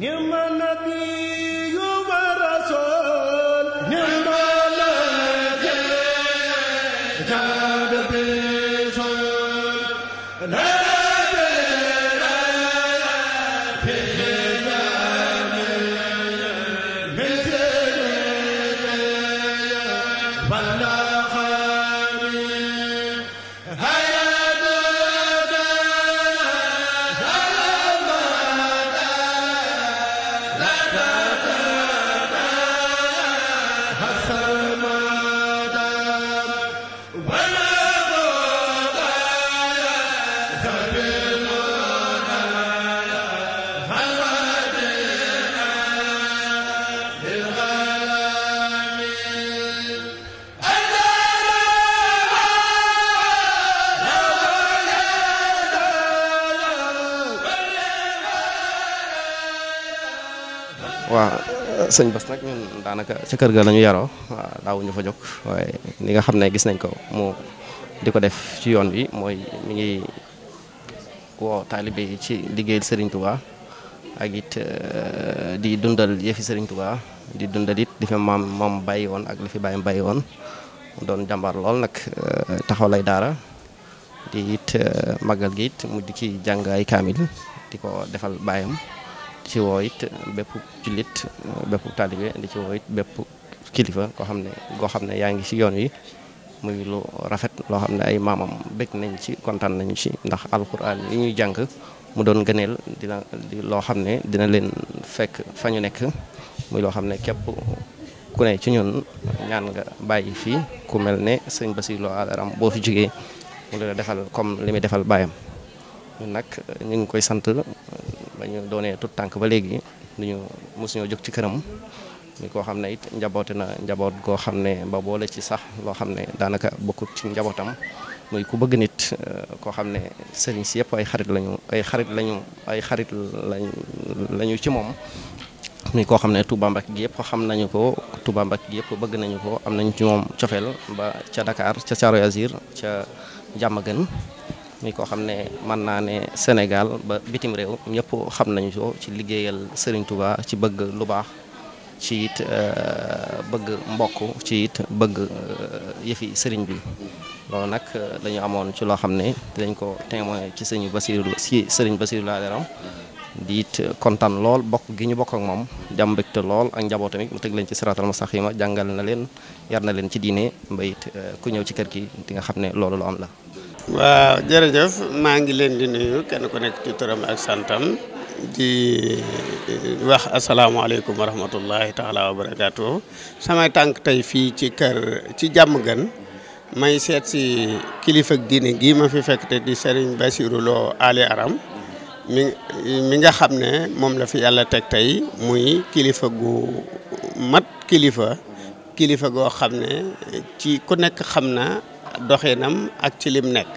ñi ma nabi sëñ Bas nag ñun daanaka ca kër ga la ñu yaroo waaw daawuñu fa jóg waaye nga xam ne gis nañ ko mu di ko def ci yoon wi mooy mi ngi woo taalibe yi ci liggéey Serigne Touba ak it euh, di dundal yëfi Serigne Touba di dundal it di fi maam moom bàyyi woon ak li fi bàyyam bàyyi woon doon jàmbaar lool nag euh, taxaw lay daara di it euh, màggal gi it mu di ci jàng ay kaamil di ko defal bàyyam ci woo it bépp jullit bépp taalibe di ci woo bépp kilifa koo xam ne goo xam ne yaa ngi ci yoon wi muy lu rafet loo xam ne ay maamam bëgg nañ ci kontaan nañu ci ndax alquran yi ñuy jàng mu doon gëneel dina di loo xam ne dina leen fekk fa ñu nekk muy loo xam ne képp ku ne ci ñun ñaan nga bàyyi fii ku mel ne sëñ Bassirou Lo Alaram boo fi jógee mu la defal comme li muy defal baayam ñun nag ñu ngi koy sant ba ñu doonee tout tànk ba léegi duñu mosuñoo jog ci këram ni koo xam ne it njaboote na njaboot goo xam ne ba boole ci sax loo xam ne daanaka bokkut ci njabootam muy ku bëgg nit euh, koo xam ne sëriñ si yëpp ay xarit lañu ay xarit lañu ay xarit lañ lañu ci moom muy koo xam ne Touba Mbacké gi xam nañu ko Touba yëpp bëgg nañu ko am nañu ci moom cofeel ba ca Dakar ca Thiaroye Azur ca Diamaguène muy koo xam ne mën naa ne Sénégal ba bitim réew ñëpp xam nañu ko ci liggéeyal Serigne Touba ci bëgg lu baax ci it euh, bëgg mbokk ci it bëgg euh, yëfi sëriñ bi loolu nag euh, dañu amoon ci loo xam ne dañ ko témoin ci sëñ Basiru si Serigne Basiru laa deram di it kontaan lool bokk gi ñu bokk ak moom jàmm te lool ak njaboot tamit mu teg leen ci sax yi mustaqima jàngal na leen yar na leen ci diine mbayit ku ñëw ci kër gi di nga xam ne loolu lu am la waaw jërëjëf maa ngi leen di nuyu kenn ku nekk ci turam ak santam di wax asalaamaaleykum wa rahmatullahi taala wa barakaatu samay tànk tey fii ci kër ci jàmm gën may seet si kilifa ak diine gii ma fi fekk te di Serigne Bassirou Lo Ali Aram mi mi nga xam ne moom la fi yàlla teg tey muy kilifa gu mat kilifa kilifa goo xam ne ci ku nekk xam na doxinam ak ci lim nekk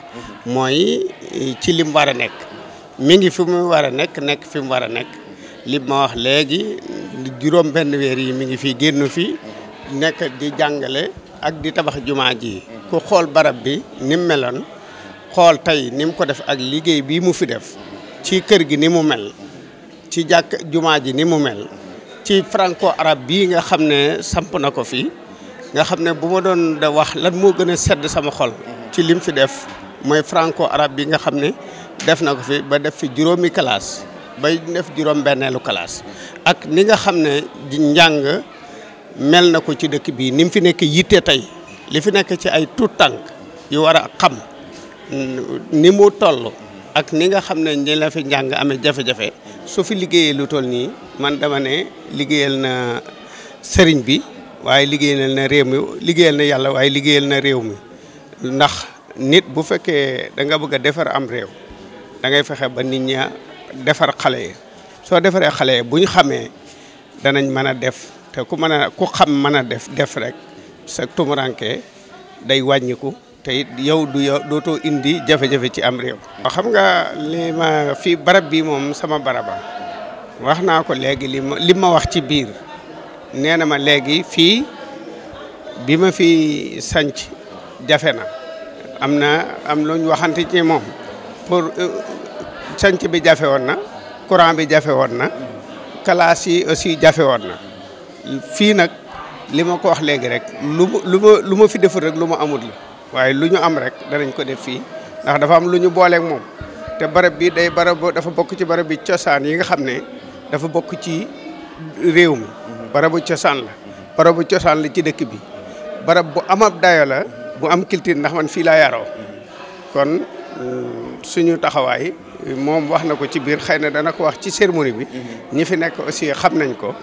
mooy eh, ci lim war a nekk mi ngi fi mu war a nekk nekk fi mu war a nekk li ma wax léegi juróom benn weer yi mi ngi fii génn fii nekk di jàngale ak di tabax jumaa ji ku xool barab bi ni meloon xool tey ni mu ko def ak liggéey bi mu fi def ci kër gi ni mu mel ci jàkk jumaa ji ni mu mel ci franco arab bi nga xam ne samp na ko fii nga xam ne bu ma doon da wax lan moo gën a sedd sama xol ci lim fi def mooy franco arab bi nga xam ne def na ko fi ba def fi juróomi kalaas bay def juróom benneelu classe ak ni nga xam ne njàng mel na ko ci dëkk bii ni mu fi nekk yitte tey li fi nekk ci ay tuut tànk yu war a xam mm, ni mu toll ak ni nga xam ne ñi la fi njàng amee jafe-jafe su fi liggéeyee lu toll nii man dama ne liggéeyal na sëriñ bi waaye liggéeyal na réew mi liggéeyal na yàlla waaye liggéeyal na réew mi ndax nit bu fekkee da nga bëgg a defar am réew dangay fexe ba nit ña defar xale yi soo defaree xale yi bu xamee danañ mën a def te ku mën a ku xam mën a def def rek sa tumuranke day wàññiku te it yow du yow dootoo indi jafe-jafe ci am réew. xam nga li ma fii barab bi moom sama baraba wax naa ko léegi li ma wax ci biir. nee na ma léegi fii bi ma fi sanc jafe na am na am luñ waxante ci moom pour euh, sanc bi jafe woon na courant bi jafe woon na classe yi aussi jafe woon na fii nag li ma ko wax léegi rek lu ma lu ma fi deful rek lu ma amut la waaye lu ñu am rek danañ ko def fii ndax dafa am lu ñu booleeg moom te barab bi day barab dafa bokk ci barab bi cosaan yi nga xam ne dafa bokk ci réew mi barabu cosaan la barabu cosaan la ci dëkk bi barab bu amab dayo la bu am culture ndax man fii laa yaroo kon euh, suñu taxawaay moom wax na ko ci biir xëy na dana ko wax ci cérémonie bi ñi fi nekk aussi xam nañ ko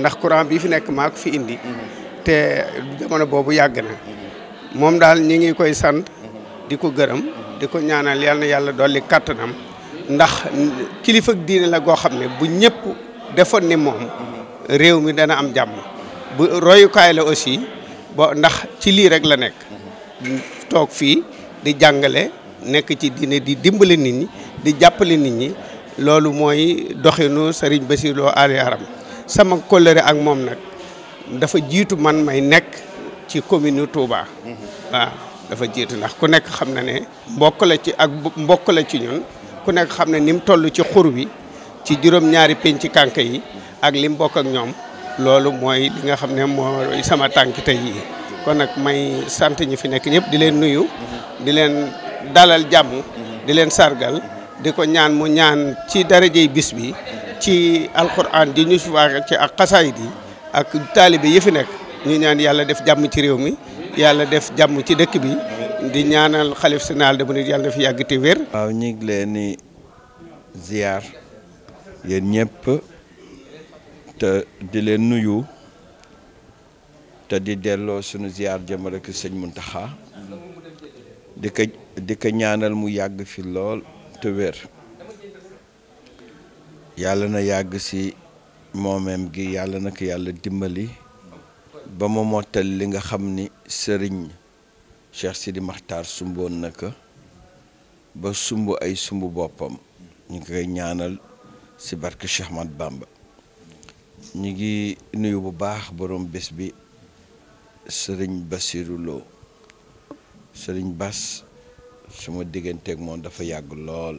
ndax courant bi fi nekk maa ko fi indi te jamono boobu yàgg na moom daal ñi ngi koy sant di ko gërëm di ko ñaanal yal na yàlla dolli kàttanam ndax kilifa diine la goo xam ne bu ñëpp defoon ni moom réew mi dana am jàmm bu royukaay la aussi bo ndax ci lii rek la nekk toog fii di jàngale nekk ci diine di dimbale nit ñi di jàppale nit ñi loolu mooy doxinu Serigne Bassirou Al Yaram sama kóllëre ak moom nag dafa jiitu man may nekk ci commune Touba mm-hmm. waaw dafa jiitu ndax ku nekk xam na ne mbokk la ci ak mbokk la ci ñun ku nekk xam ne ni mu toll ci xur wi ci juróom-ñaari penc kànk yi ak lim bokk ak ñoom loolu mooy li nga xam ne mooy sama tànk tey yi kon nag may sant ñi fi nekk ñëpp di leen nuyu di leen dalal jàmm di leen sargal di ko ñaan mu ñaan ci darajey bis bi ci alquran di ñu fi wax ci ak xasaayid yi ak taalibe yi fi nekk ñu ñaan yàlla def jàmm ci réew mi yàlla def jàmm ci dëkk bi di ñaanal xalif sénaal de mu nit yàlla na fi yàgg te wér waaw ñu leen di ziar yéen ñëpp te di leen nuyu te di delloo sunu ziar jëmale ko sëñ mun taxa di ko ñaanal mu yàgg fi lool te wér yàlla na yàgg ci moomeem gi yàlla na ko yàlla dimbali ba mu mottal li nga xam ni sëriñ Cheikh Sidi Maxtaar sumboon na ko ba sumb ay sumb boppam ñu koy ñaanal si barke Cheikh Ahmad Bamba ñu ngi nuyu bu baax boroom bés bi sëriñ Bassirou sëriñ bas suma digganteeg moom dafa yàgg lool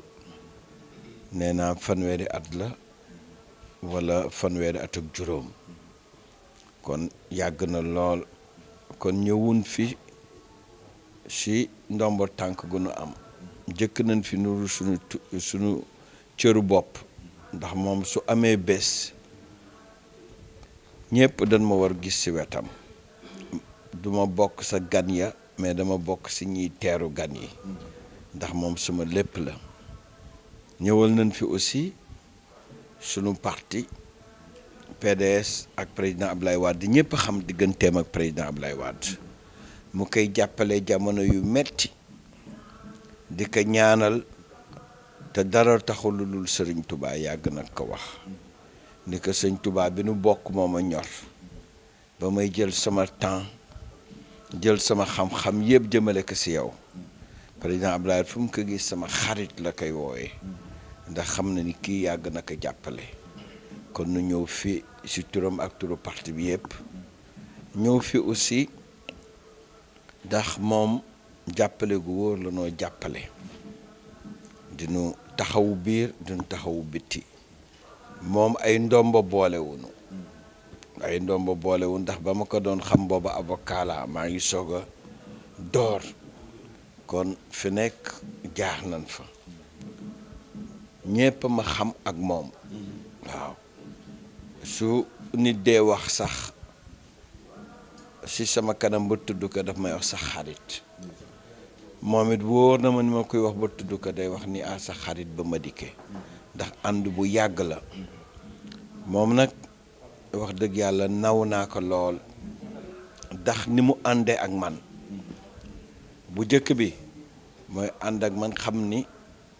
nee naa fanweeri at la wala fanweeri at ak juróom kon yàgg na lool kon ñëwun fi si ndombo tànk gu nu am njëkk nañ fi nuru sunu cëru bopp ndax moom su amee bés ñépp dañ ma war gis ci wetam duma bokk sa gan ya mais dama bokk ci ñiy teeru gan yi ndax moom suma lépp la ñëwal nañ fi aussi sunu parti PDS ak président lay Ablaye Wade ñépp xam digganteem ak président lay Wade mu koy jàppale jamono yu metti di ko ñaanal te dara taxul lu dul sëriñ tubaa yàgg nag ko wax ni ko sëñ tubaab bi nu bokk moo ma ñor ba may jël sama temps jël sama xam-xam yëpp jëmale ko si yow président Abdoulaye fu mu ko gis sama xarit la koy wooyee ndax xam na ni kii yàgg na ko jàppale kon nu ñëw fi si turam ak turu parti bi yëpp ñëw fi aussi ndax moom jàppale gu wóor la noo jàppale dinu taxawu biir duñ taxawu bitti moom ay ndomba boolewunu ay ndomba boolewu ndax ba ma ko doon xam booba avocat la maa ngi soog a door kon fi nekk jaax nañ fa ñépp ma xam ak moom waaw su nit dee wax sax si sama kanam ba tudd ko daf may wax sax xarit moom it wóor na ma ni ma koy wax ba tudd ko day wax ni a sa xarit ba ma dikkee ndax ànd bu yàgg la moom nag wax dëgg yàlla naw naa ko lool ndax ni mu àndee ak man bu jëkk bi mooy ànd ak man xam ni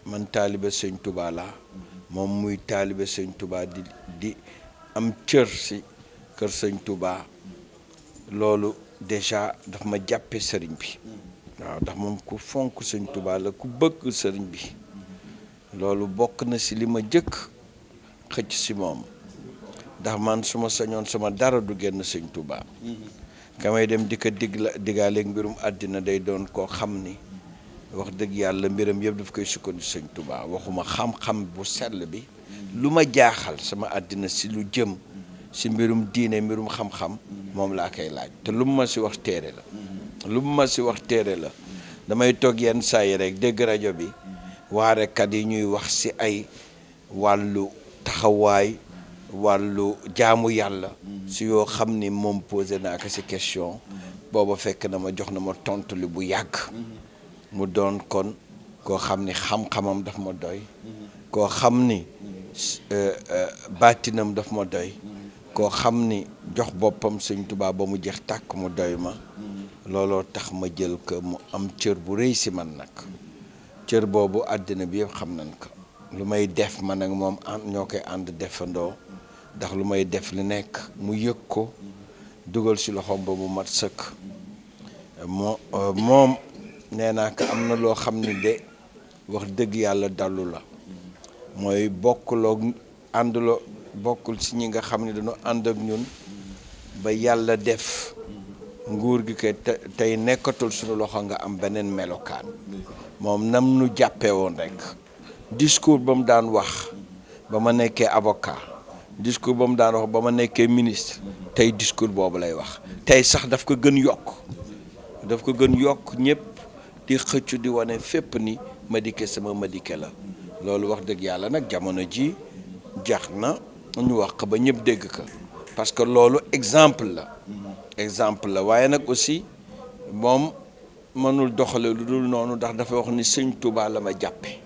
man taalibe sëñ Touba laa moom muy taalibe sëñ tubaa di di am cër si kër sëñ Touba loolu déjà daf ma jàppe sëriñ bi waaw ndax moom ku fonk sëñ Tuubaa la ku bëgg sëriñ bi loolu bokk na si li ma jëkk xëcc si moom ndax man su ma sañoon sama dara du génn sëñ tubaa kamay dem di ko dig la digaaleeg mbirum àddina day doon koo xam ni wax dëgg yàlla mbiram yëpp daf koy sukkandi sëñ tubaa waxuma xam-xam bu sell bi lu ma jaaxal sama àddina si lu jëm si mbirum diine mbirum xam-xam moom laa koy laaj te lu mu ma si wax téere la lu mu ma si wax téere la damay toog yenn saa rek dégg rajo bi waarekat yi ñuy wax si ay wàllu taxawaay wàllu jaamu yàlla si yoo xam ni moom posé naa ko si question booba fekk na ma jox na ma tontu li bu yàgg mu doon kon koo xam ni xam-xamam daf ma doy koo xam ni euh, euh, baatinam daf ma doy koo xam ni jox boppam Sëñ tubaab ba mu jeex tàkk mu doy ma looloo tax ma jël ko mu am cër bu rëy si man nag cër boobu àddina bi yëpp xam nañ ko lu may def man ak moom ñoo koy ànd defandoo ndax lu may def li nekk mu yëg ko dugal si loxoom ba mu mat sëkk euh, moom nee naa ko am na loo xam ne de wax dëgg yàlla dallu la mooy bokkuloo ànduloo bokkul si ñi nga xam ne dañu ànd ak ñun ba yàlla def nguur gi kay tey nekkatul sunu loxo nga am beneen melokaan moom nam nu jàppee woon rek discours ba mu daan wax ba ma nekkee aboka discours ba mu daan wax ba ma nekkee ministre tey discours boobu lay wax tey sax daf ko gën yokk daf ko gën yokk ñëpp di xëccu di wane fépp ni Madické sama Madické la loolu wax dëgg yàlla nag jamono ji jax na ñu wax ba ñëpp dégg ko parce que loolu exemple la exemple la waaye nag aussi moom mënul doxale lu dul noonu ndax dafa wax ni sëñ Touba la ma jàppe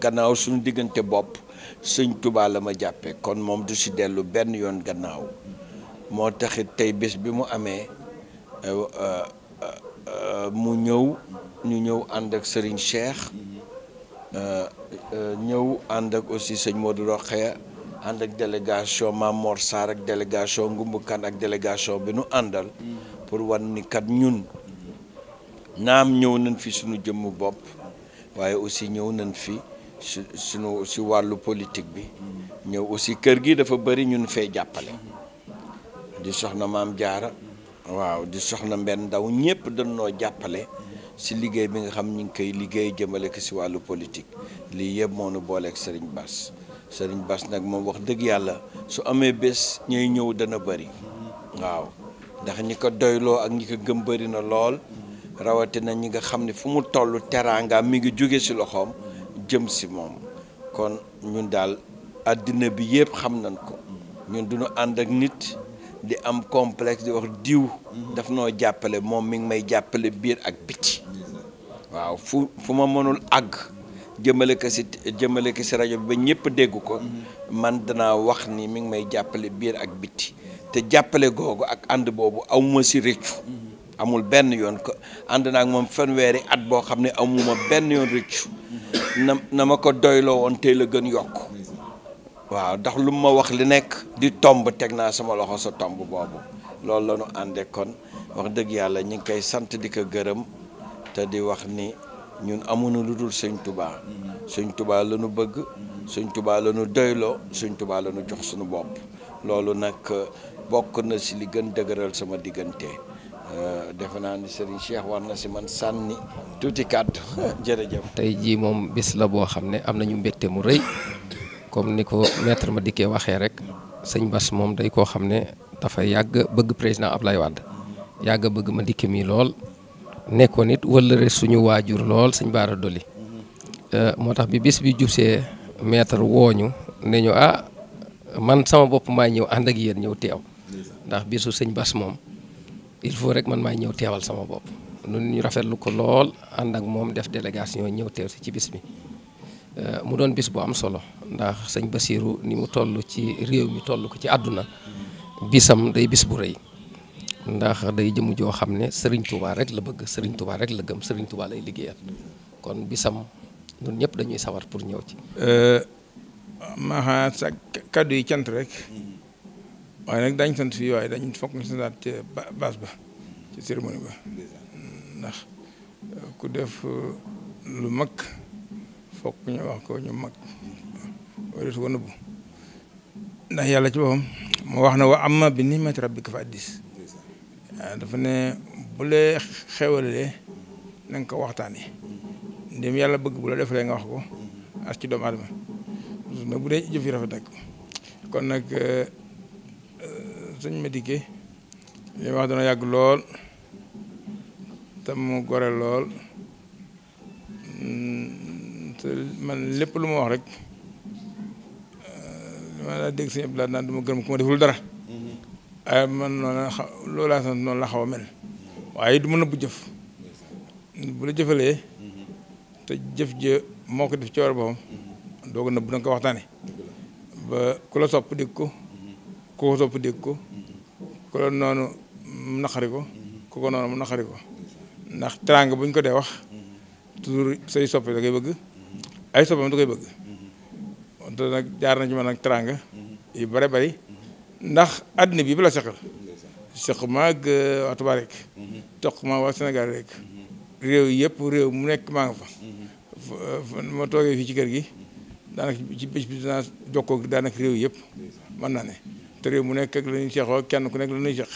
gannaaw suñu diggante bopp sëñ Touba la ma jàppe kon moom du si dellu benn yoon gannaaw moo taxit tey bés bi mu amee euh, euh, euh, mu ñëw ñu ñëw ànd ak Serigne Cheikh ñëw ànd ak aussi sëñ Modou Rokhaya ànd ak délégation Mamor Sarr ak délégation Ngumbukan ak délégation bi nu àndal pour wan ni kat ñun naam ñëw nañ fi suñu jëmm bopp waaye aussi ñëw nañ fi su suñu si wàllu politique bi ñëw aussi kër gi dafa bëri ñun fee jàppale di soxna maam jaara waaw di soxna mbenn ndaw ñëpp noo jàppale si liggéey bi nga xam ñu ngi koy liggéey jëmale ko si wàllu politique lii yëpp moo nu booleek Serigne Bass Serigne Bass nag moom wax dëgg yàlla su amee bés ñuy ñëw dana bari waaw ndax ñi ko doyloo ak ñi ko gëm bari na lool rawatina ñi nga xam ne fu mu toll teraanga mi ngi jóge ci loxoom jëm ci moom kon ñun daal àddina bi yëpp xam nañ ko ñun duñu ànd ak nit di am complex di wax diw daf noo jàppale moom mi ngi may jàppale biir ak biti waaw fu fu ma mënul àgg jëmale ko si jëmale ko si rajo bi ba ñëpp dégg ko mm-hmm. man danaa wax ni mi ngi may jàppale biir ak bitti te jàppale googu ak ànd boobu amuma si rëccu mm-hmm. amul benn yoon ko ànd naa ak moom fanweeri at boo xam ne amuma benn yoon rëccu mm-hmm. na na ma ko doyloo woon tey la gën yokk waaw ndax lu ma wax li nekk di tomb teg naa sama loxo sa tomb boobu loolu la ñu àndee kon wax dëgg yàlla ñu ngi koy sant di ko gërëm te di wax ni ñun amuñu lu dul sëñ tubaa suñ tubaa la bëgg suñ tubaa la ñu doyloo sëñ tubaa la jox suñu bopp loolu nag euh, bokk na si li gën dëgëral sama diggante euh, defe naa ni Serigne Cheikh war na si man sànni tuuti kàddu jërëjëf. tey jii moom bis la boo xam ne am nañu mbégte mu rëy comme ni ko maître ma dikkee waxee rek sëñ Bass moom day koo xam ne dafa yàgg bëgg président Ablaye Wade yàgg bëgg ma dikk mii lool. nekkoon it wëllëre suñu waajur lool sëñ Baara Doli mm-hmm. euh, moo tax bi bis bi jubsee maître wooñu ne ñu ah man sama bopp maa ñëw ànd ak yéen ñëw teew ndax bisu sëñ Bas moom il faut rek man maay ñëw teewal sama bopp nun ñu rafetlu ko lool ànd ak moom def délégation ñëw teew si ci bis bi euh, mu doon bis bu am solo ndax sëñ Basiiru ni mu toll ci réew mi toll ko ci àdduna mm-hmm. bisam day bis bu rëy ndax day jëm joo xam ne Serigne Touba rek la bëgg Serigne Touba rek la gëm Serigne Touba lay liggéeyal kon bisam ñun ñëpp dañuy sawar pour ñëw ci. Euh, ma sa kaddu yi cant rek waaye nag sant fii waaye dañ fokk ñu santaat ci base ba ci cérémonie ba ndax euh, ku def euh, lu mag fokk ñu wax ko ñu mag wala su ko nëbbu ndax yàlla ci boppam moo wax na wa amma bi nimati rabbika fa addis Euh, dafa ne bu lee xewalee na nga ko waxtaanee ndem yàlla bëgg bu la defalee nga wax ko as ci doomu aadama mais bu dee jëf yi rafet nag kon nag euh, euh, sëñ ma dikke li wax dana yàgg lool te mu gore lool mm, man lépp lu ma wax rek ma daa dégg sëñ Abdoulaye naan du ma gërëm ku ma deful dara ay man noonu la xa xaw a mel waaye du mën a bu jëf bu la jëfalee te jëf ja moo ko def ci war boppam doog na bu da ko waxtaane ba ku la sopp dégg ko ku ko sopp dégg ko ku la noonu mu naqari ko ku ko noonu mu naqari ko ndax teraanga bu ñu ko dee wax toujours say soppe da koy bëgg ay soppam da koy bëgg wante nag jaar na ci man nag teraanga yu bare bari ndax àddina bi ba la seqal seq maag waa euh, Tuubaa rek toq maa waa Sénégal rek réew yëpp réew mu nekk maa nga fa ma toogee fii ci kër gi daanaka ci bés bi dinaa jokkoo daanaka réew yëpp mën naa ne te réew mu nekk ak la ñuy kenn ku nekk la ñuy seq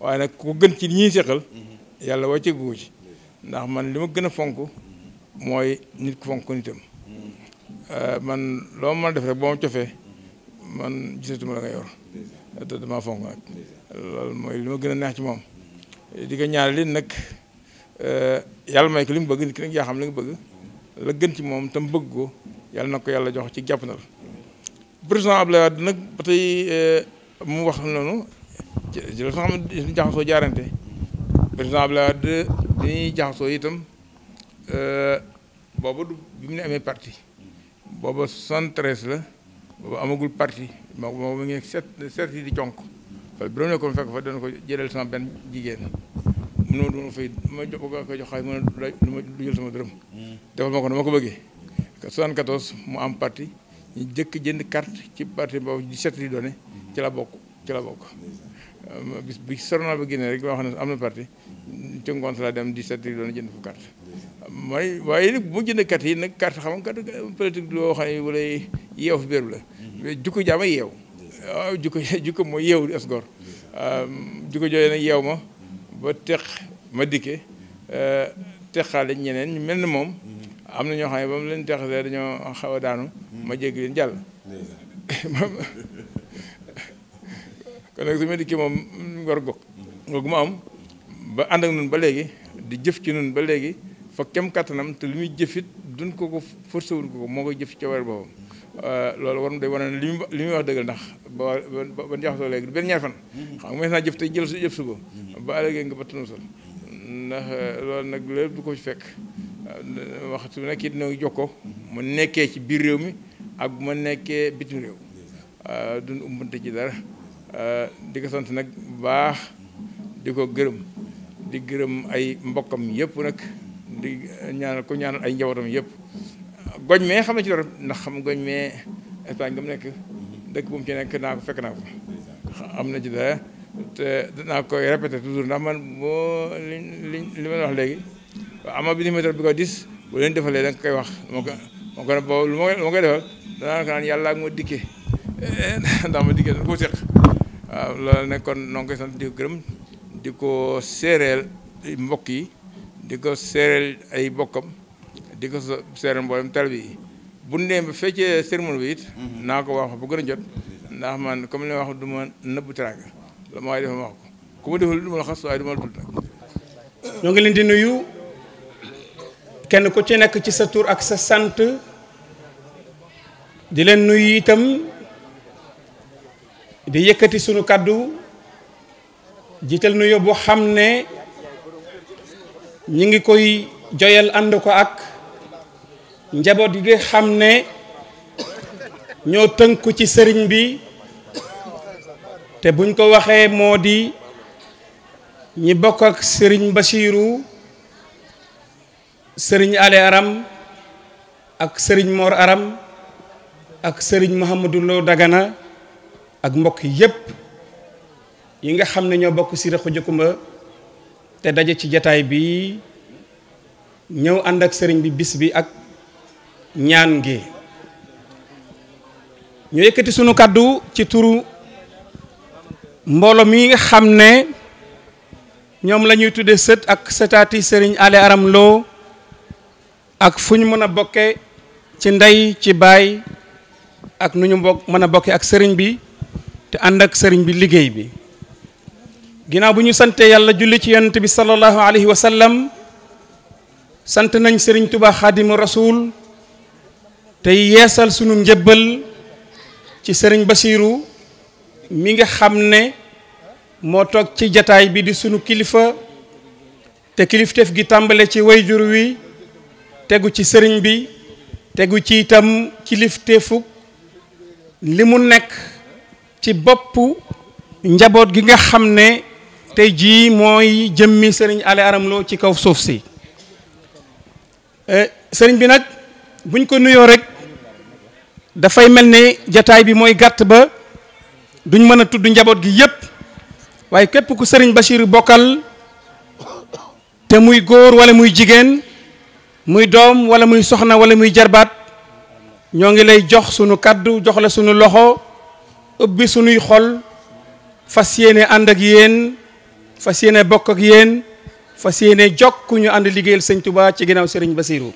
waaye nag ku gën ci li ñuy seqal yàlla wàcce gu ci ndax man li ma gën a fonk mooy nit ku fonk nitam euh, man loo mën a def rek boo ma cofee man gisatuma la nga yor te damaa fonk nag loolu mooy li ma gën a neex ci moom di ko ñaar li nag eh, yàlla may ko li mu bëgg nit ki nag yaa xam li nga bëgg la gën ci moom tam bëgg ko yàlla na ko yàlla jox ci jàpp na la président Abdoulaye Wade nag ba eh, wax noonu ci la xam jaxasoo président Abdoulaye Wade dañuy itam eh, booba du bi mu ne amee parti booba 73 la boobu amagul parti moom moom mi ngi set set di conk fa bu doon nekkoon fekk fa dana ko jëlal sama benn jigéen mënoo duma fay ma jox ko jox xay mën a du jël sama dërëm defal ma ko na ma ko bëggee 74 mu am parti ñu jëkk jënd carte ci parti boobu di set di doone ci la bokk ci la bokk bis bi sorona ba génnee rek ba xam ne am na parti ci ngoon laa dem 17 yi doon jënd fu carte mooy waaye nag bu jënd carte yi nag carte xam nga carte politique loo xam ne wala yeew fi béeru la mm-hmm. jukko jaama yeew waaw ah, jukko jukko mooy yeew di asgor mm-hmm. ah, jukko jooyee nag yeew ma ba teq ma dikke eh, teqaale ñeneen ñu mel ni moom mm-hmm. am na ñoo xam ne ba mu leen teqalee dañoo xaw a daanu ma jégg leen jàll kon nag su ma dikkee moom ngor gog googu ma am ba ànd ak nun ba léegi di jëf ci nun ba léegi fa kem kattanam te lu muy jëfit dun ko ko forcé ko ko moo koy jëf ci war boppam euh, loolu war day wane ne li muy li muy wax dëgg ndax ba ba ban léegi du benn ñaar fan xam nga mën naa jëf tey jël su jëf suba ba ëllëgee nga ba tunusal ndax euh, loolu nag lépp du ko ci fekk euh, waxtu nekk it noo ngi ko mu nekkee ci biir réew mi ak bu ma nekkee bitim réew duñ umbante ci dara di ko nag baax di ko gërëm di gërëm ay mbokkam yëpp nag di ñaanal ko ñaanal ay njabootam yëpp goñ mee xam na ci dara ndax xam goñ mee Espagne ga mu nekk dëkk bu mu ci am na ci dara te danaa koy répété ndax man boo li li li wax léegi ama bi ni météo bi ko dis bu leen defalee da koy wax ma ko ma ko lu ma koy defal danaa ko naan yàlla ak ma dikkee ndax ma dikkee dañ koo seq waaw loolu nekkoon noo ngi koy sant di ko gërëm di ko séeréel mbokk yi di ko séeréel ay bokkam di ko séeréel mboolem talbi yi bu ndee ba fekkee cérémonie bi it mhm. naa ko wax bu gën a jot ndax man comme li ma wax nëbb teraanga la ma waaye defa wax ko ku ma deful du la xas waaye du ma la tudd nag ñoo ngi leen di nuyu kenn ku ci nekk ci sa tur ak sa sant di leen nuyu itam di yëkkati sunu kàddu jiital nuyoo bu xam ne ñu ngi koy joyal ànd ko ak njaboot gi xam ne ñoo tënku ci sëriñ bi te buñ ko waxee moo di ñi bokk ak sëriñ Basiiru sëriñ Ale Aram ak sëriñ Mor Aram ak sëriñ Mouhamadou Lo Dagana ak mbokk yépp yi nga xam ne ñoo bokk si rëqu jëkkumba te daje ci jataay bi ñëw ànd ak sëriñ bi bis bi ak ñaan gi ñu yëkkati sunu kàddu ci turu mboolo mi nga xam ne ñoom la ñuy tudde sët ak sëtaati sëriñ ale aram loo ak fu ñu mën a bokke ci ndey ci baay ak nu ñu mbokk mën a bokke ak sëriñ bi te ànd ak sëriñ bi liggéey bi ginnaaw bu ñu santee yàlla julli ci yonent bi sallallahu alayhi wa sallam sant nañ sëriñ Tuubaa xaadimu rasuul tey yeesal sunu njëbbal ci sëriñ Basiiru mi nga xam ne moo toog ci jataay bi di sunu kilifa te kilifteef gi tàmbale ci wayjur wi tegu ci sëriñ bi tegu ci itam kilifteefu li mu nekk ci bopp njaboot gi nga xam ne tey jii mooy jëmmi sëriñ Ale aramloo ci kaw suuf si eh, sëriñ bi nag buñ ko nuyoo rek dafay mel ne jataay bi mooy gàtt ba duñ mën a tudd njaboot gi yépp waaye képp ku sëriñ Bachir bokkal te muy góor wala muy jigéen muy doom wala muy soxna wala muy jarbaat ñoo ngi lay jox sunu kàddu jox la sunu loxo ubbi sunuy xol fas yéene ànd ak yéen fa yéene bokk ak yéen fas yéene jokk ñu ànd liggéeyal sëñ Touba ci ginnaaw Serigne Bassirou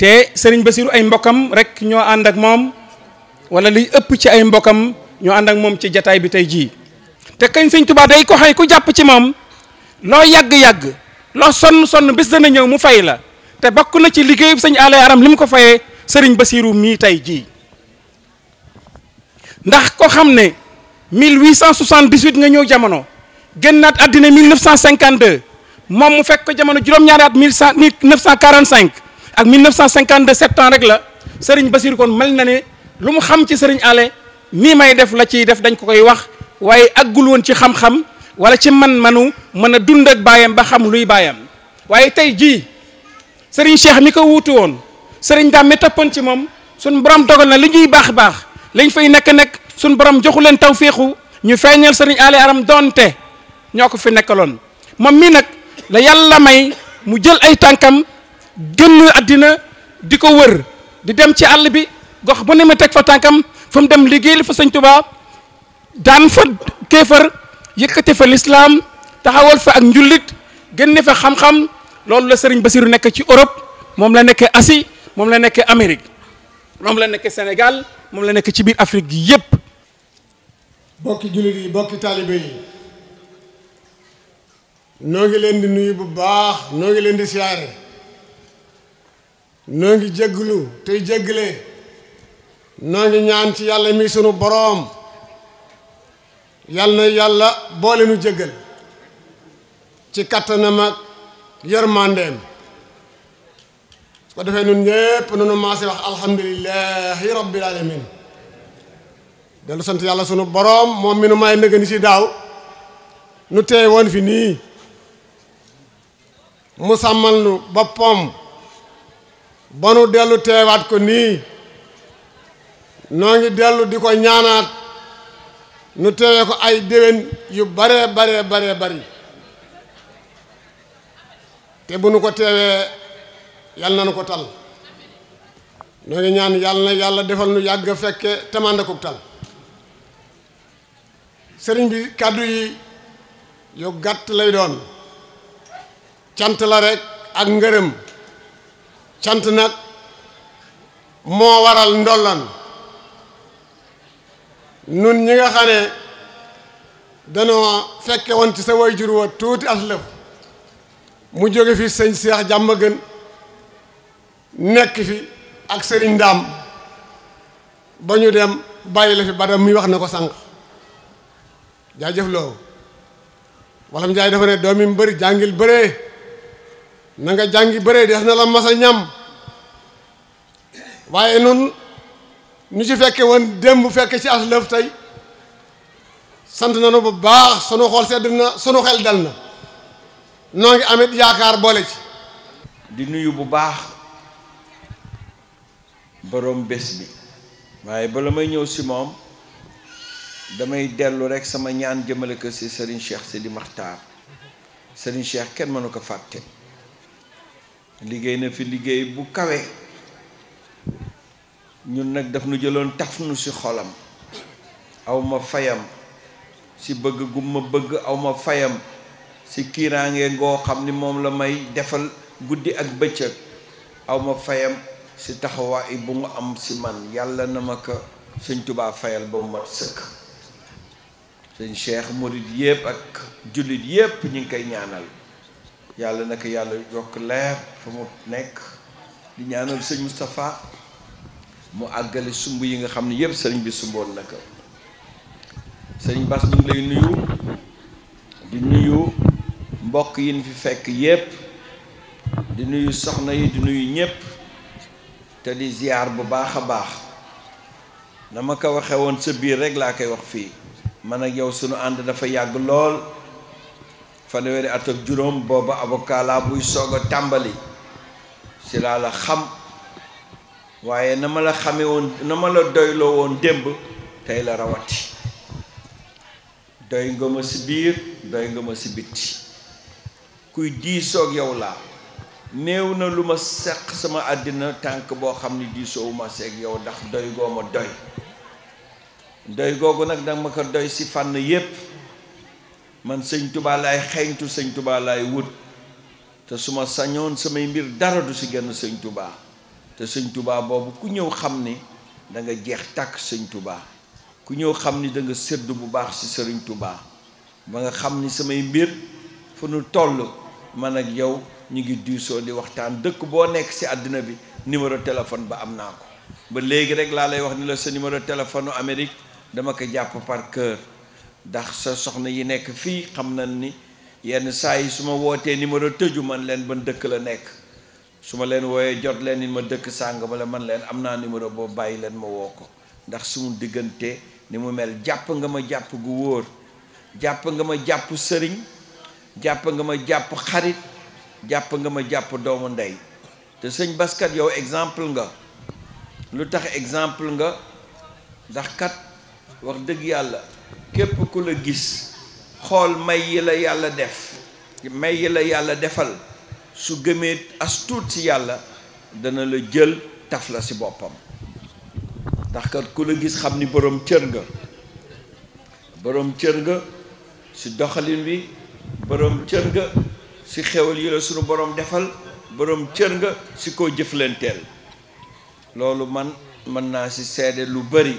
te sëriñ Bassirou ay mbokkam rek ñoo ànd ak moom wala liy ëpp ci ay mbokkam ñoo ànd ak moom ci jataay bi tey jii. te kañ sëñ Touba day ko xëy ku jàpp ci moom loo yàgg-yàgg loo sonn sonn bés dana ñëw mu fay la te bokk na ci liggéey sëñ Alé Aram li mu ko fayee sëriñ Bassirou mii tey jii ndax ko xam ne 1878 nga ñëw jamono. génnaat àddina 1952 moom mu fekk ko jamono juróom-ñaari at 1945 ak 1952 sept ans rek la Serigne Bassirou kon mel na ne lu mu xam ci Serigne ale nii may def la ciy def dañ ko koy wax waaye aggul woon ci xam-xam wala ci man-manu mën a dund ak baayam ba xam luy baayam waaye tey jii Serigne Cheikh mi ko wuutu woon Serigne Dame mi toppoon ci moom suñ borom dogal na li ñuy baax baax liñ fay nekk-nekk suñ borom joxu leen tawféexu ñu feeñal Serigne Allé aram doonte ñoo ko fi nekkaloon moom mii nag la yàlla may mu jël ay tànkam génn àddina di ko wër di dem ci àll bi gox bu ne ma teg fa tànkam fa mu dem liggéey li fa sëñ Tuubaa daan fa kéefar yëkkate fa lislaam taxawal fa ak njullit génne fa xam-xam loolu la sëriñ Basiru nekk ci Europe moom la nekk Asie moom la nekkee Amérique moom la nekk senegal moom la nekk ci biir Afrique gi yépp bokki jullit yi bokki taalibe yi noo ngi leen di nuyu bu baax noo ngi leen di siyaare noo ngi jégglu tey jéggale noo ngi ñaan ci yàlla mi sunu boroom yàlla na yàlla boole nu jéggal ci kattanam ak yërmandeem su ko defee nun ñépp nunu maase wax alhamdulillahi rabbil alamin dellu sant yàlla sunu boroom moom mi nu may ndëgëni ci daaw nu teey woon fi nii mu sàmmal nu boppam ba nu dellu teewaat ko nii noo ngi dellu di ko ñaanaat nu teewee ko ay déwén yu baree baree baree bari te bu nu ko teewee yal na nu ko tal noo ñaan yal na yàlla defal nu yàgg fekke temandako tal sëriñ bi kàddu yi yu gàtt lay doon cant la rek ak ngërëm cant nag moo waral ndollan nun ñi nga xam ne danoo fekke woon ci sa wayjur wa tuuti aslëf mu jóge fi sëñ seex jàmm gën nekk fi ak sëriñ daam ba ñu dem bàyyi la fi badam muy wax na ko sànq jaajëf loo walam jaay dafa ne doomi mbëri jàngil bëree na nga jàngi bëree des na la masa ñam waaye noonu ñu ci fekkee woon démb fekke ci aslëf tey sant nañu bu baax sunu xool sedd na sunu xel dal na noo ngi amit yaakaar boole ci di nuyu bu baax boroom bés bi waaye bala may ñëw si moom damay dellu rekk sama ñaan jëmale ko si Serigne Cheikh di Makhtar Serigne Cheikh kenn mënu ko fàtte liggéey na fi liggéey bu kawee ñun nag daf nu jëloon taf nu ci xolam awma fayam ci bëgg gu ma bëgg awma fayam ci kiiraange ngoo xam ni moom la may defal guddi ak bëccëg awma fayam ci taxawaay bu mu am ci man yàlla na ma ko sëñ Tubaa fayal ba mu mat sëkk sëñ Cheikh murit yépp ak jullit yépp ñu ngi koy ñaanal yàlla naka yàlla yokk leer fa mu nekk di ñaanal sëñ Moustapha mu àggale sumb yi nga xam ne yëpp sëriñ bi sumboon naka sëriñ Bass ñu ngi lay nuyu di nuyu mbokk yi ñu fi fekk yépp di nuyu soxna yi di nuyu ñépp te di ziar bu baax a baax dama ko waxee woon sa biir rek laa koy wax fii man ak yow sunu ànd dafa yàgg lool fanweeri at ak juróom booba avocat buy soog a tàmbali si laa la xam waaye na ma la xame woon na ma la doyloo woon démb tey la rawati doy nga ma si biir doy nga ma si bitti kuy diisoog yow laa néew na lu ma seq sama àddina tànk boo xam ni diisoowuma seeg yow ndax doy goo ma doy doy googu nag danga ma ko doy si fànn yépp man sëñ tubaa laay xeeñtu sëñ tubaa laay wut te su ma sañoon samay mbir dara du si genn sëñ tubaa te sëñ tubaa boobu ku ñëw xam ni da nga jeex tàkk sëñ tubaa ku ñëw xam ni danga nga bu baax si sëriñ tubaa ba nga xam ni samay mbir fu nu toll mën ak yow ñu ngi diisoo di waxtaan dëkk boo nekk si àddina bi numéro téléphone ba am naa ko ba léegi rek laa lay wax ni la sa numéro téléphone Amérique dama ko jàpp par cœur ndax sa soxna yi nekk fii xam na ni yenn saa yi su ma wootee numéro tëju man leen ban dëkk la nekk su ma leen wooyee jot leen ni ma dëkk sàng ma la man leen am naa numéro boo bàyyi leen ma woo ko ndax suñu diggante ni mu mel jàpp nga ma jàpp gu wóor jàpp nga ma jàpp sëriñ jàpp nga ma jàpp xarit jàpp nga ma jàpp doomu ndey te sëñ baskat yow exemple nga lu tax exemple nga ndax kat wax dëgg yàlla képp ku la gis xool may yi la yàlla def may yi la yàlla defal su gëmee astuut ci yàlla dana la jël taf la ci boppam ndax kat ku la gis xam ni boroom cër nga boroom cër nga ci doxalin wi boroom cër nga ci xewal yi la sunu borom defal boroom cër nga ci ko jëflanteel loolu man mën naa ci seede lu bari